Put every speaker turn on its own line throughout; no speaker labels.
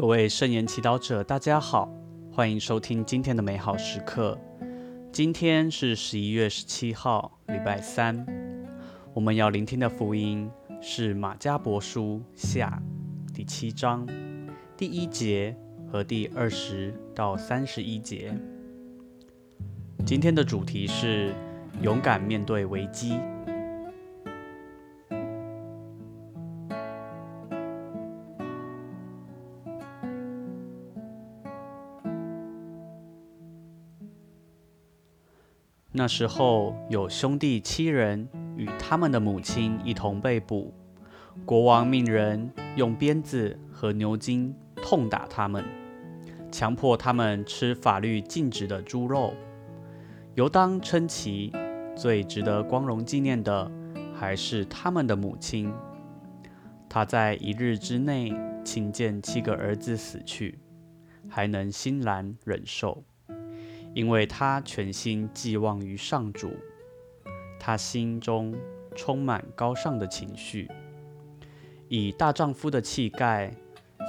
各位聖言祈禱者，大家好，歡迎收聽今天的美好時刻。今天是十一月十七號，禮拜三。我們要聆聽的福音是瑪加伯書下第七章第一節和第二十到三十一節。今天的主題是勇敢面對危機。那時候有兄弟七人與他們的母親一同被捕，國王命人用鞭子和牛筋痛打他們，強迫他們吃法律禁止的豬肉。尤當稱奇，最值得光榮紀念的還是他們的母親，他在一日之內親見七個兒子死去，還能欣然忍受。因為他全心寄望於上主，他心中充滿高尚的情緒，以大丈夫的氣概，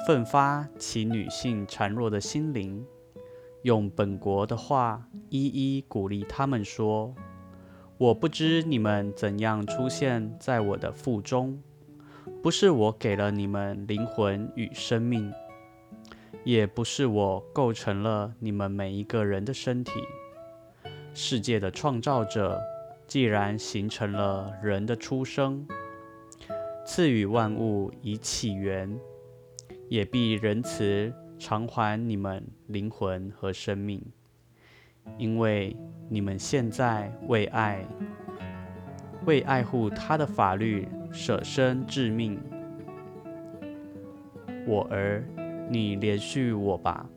奮發起女性孱弱的心靈，用本國的話一一鼓勵他們說：“我不知你們怎樣出現在我的腹中，不是我給了你們靈魂與生命。”也不是我構成了你們每一個人的身體。世界的創造者既然形成了人的出生，賜予萬物以起源，也必仁慈償還你們靈魂和生命，因為你們現在為愛為愛護他的法律舍身致命，我兒。你憐恤我吧，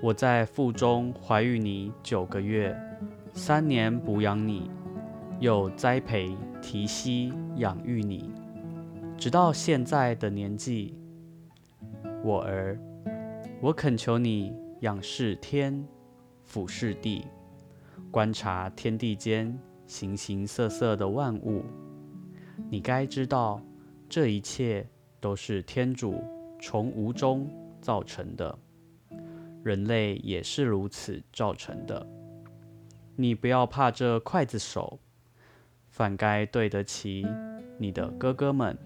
我在腹中懷育你九個月，三年哺養你，又栽培、提攜、養育你，直到現在的年紀。我兒，我懇求你仰視天，俯視地，觀察天地間形形色色的萬物，你該知道，這一切都是天主。從無中造成的，人類也是如此造成的。你不要怕這劊子手，反該對得起你的哥哥們，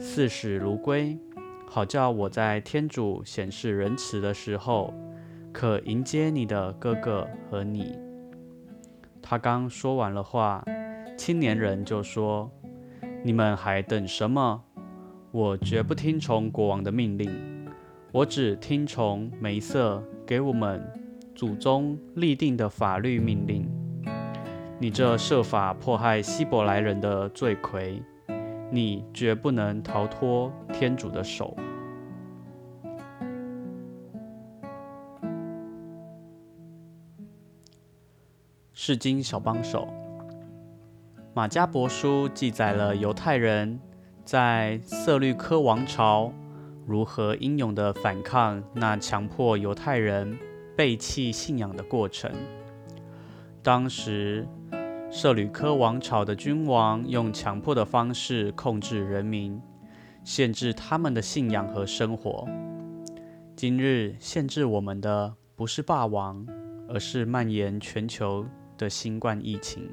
視死如歸，好叫我在天主顯示仁慈的時候，可迎接你的哥哥和你。他剛說完了話，青年人就說：“你們還等什麼？”我絕不聽從國王的命令，我只聽從梅瑟給我們祖宗立定的法律命令。你這設法迫害希伯來人的罪魁，你絕不能逃脫天主的手。聖經小幫手，瑪加伯書記載了猶太人，在色律科王朝，如何英勇地反抗那強迫猶太人背棄信仰的過程？當時，色律科王朝的君王用強迫的方式控制人民，限制他們的信仰和生活。今日，限制我們的不是霸王，而是蔓延全球的新冠疫情。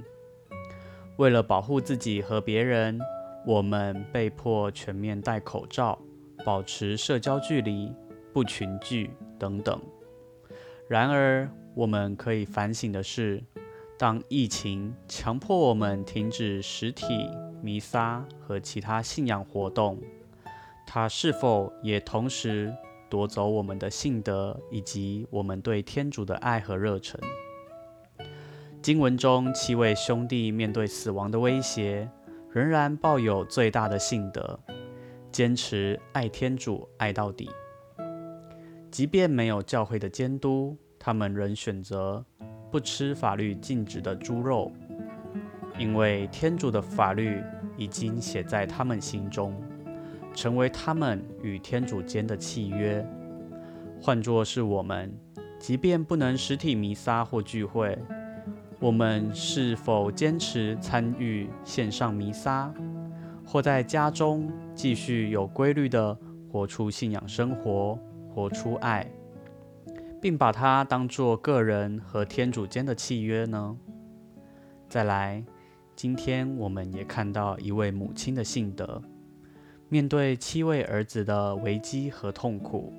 為了保護自己和別人，我們被迫全面戴口罩，保持社交距離，不群聚等等。然而，我們可以反省的是，當疫情強迫我們停止實體彌撒和其他信仰活動，它是否也同時奪走我們的信德以及我們對天主的愛和熱忱？經文中七位兄弟面對死亡的威脅，仍然抱有最大的信德，堅持愛天主愛到底。即便沒有教會的監督，他們仍選擇不吃法律禁止的豬肉，因為天主的法律已經寫在他們心中，成為他們與天主間的契約。換作是我們，即便不能實體彌撒或聚會，我們是否堅持參與線上彌撒，或在家中繼續有規律地活出信仰生活、活出愛，並把它當作個人和天主間的契約呢？再來，今天我們也看到一位母親的性德，面對七位兒子的危機和痛苦，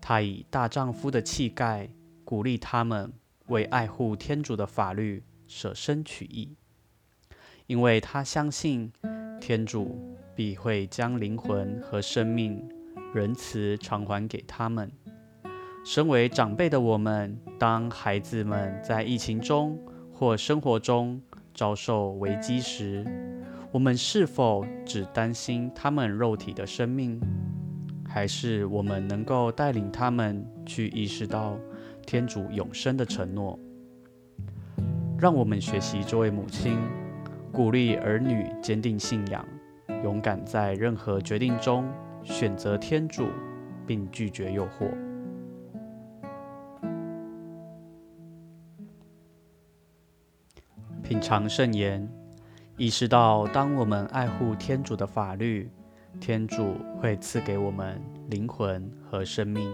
她以大丈夫的氣概鼓勵他們。為愛護天主的法律捨身取義，因為他相信天主必會將靈魂和生命仁慈償還給他們。身為長輩的我們，當孩子們在疫情中或生活中遭受危機時，我們是否只擔心他們肉體的生命，還是我們能夠帶領他們去意識到？天主永生的承諾，讓我們學習這位母親，鼓勵兒女堅定信仰，勇敢在任何決定中選擇天主，並拒絕誘惑。品嘗聖言，意識到當我們愛護天主的法律，天主會賜給我們靈魂和生命。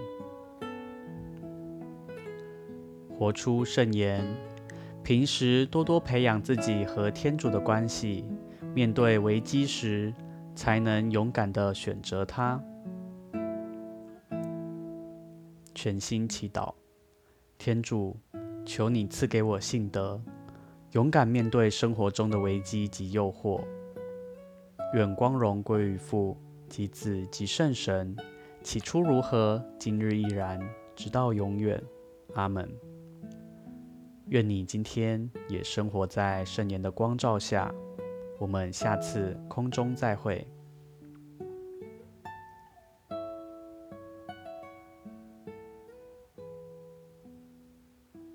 活出聖言，平時多多培養自己和天主的關係，面對危機時才能勇敢地選擇它。全心祈禱，天主，求你賜給我信德，勇敢面對生活中的危機及誘惑。願光榮歸於父及子及聖神，起初如何，今日亦然，直到永遠，阿門。願你今天也生活在聖顏的光照下。我們下次空中再會。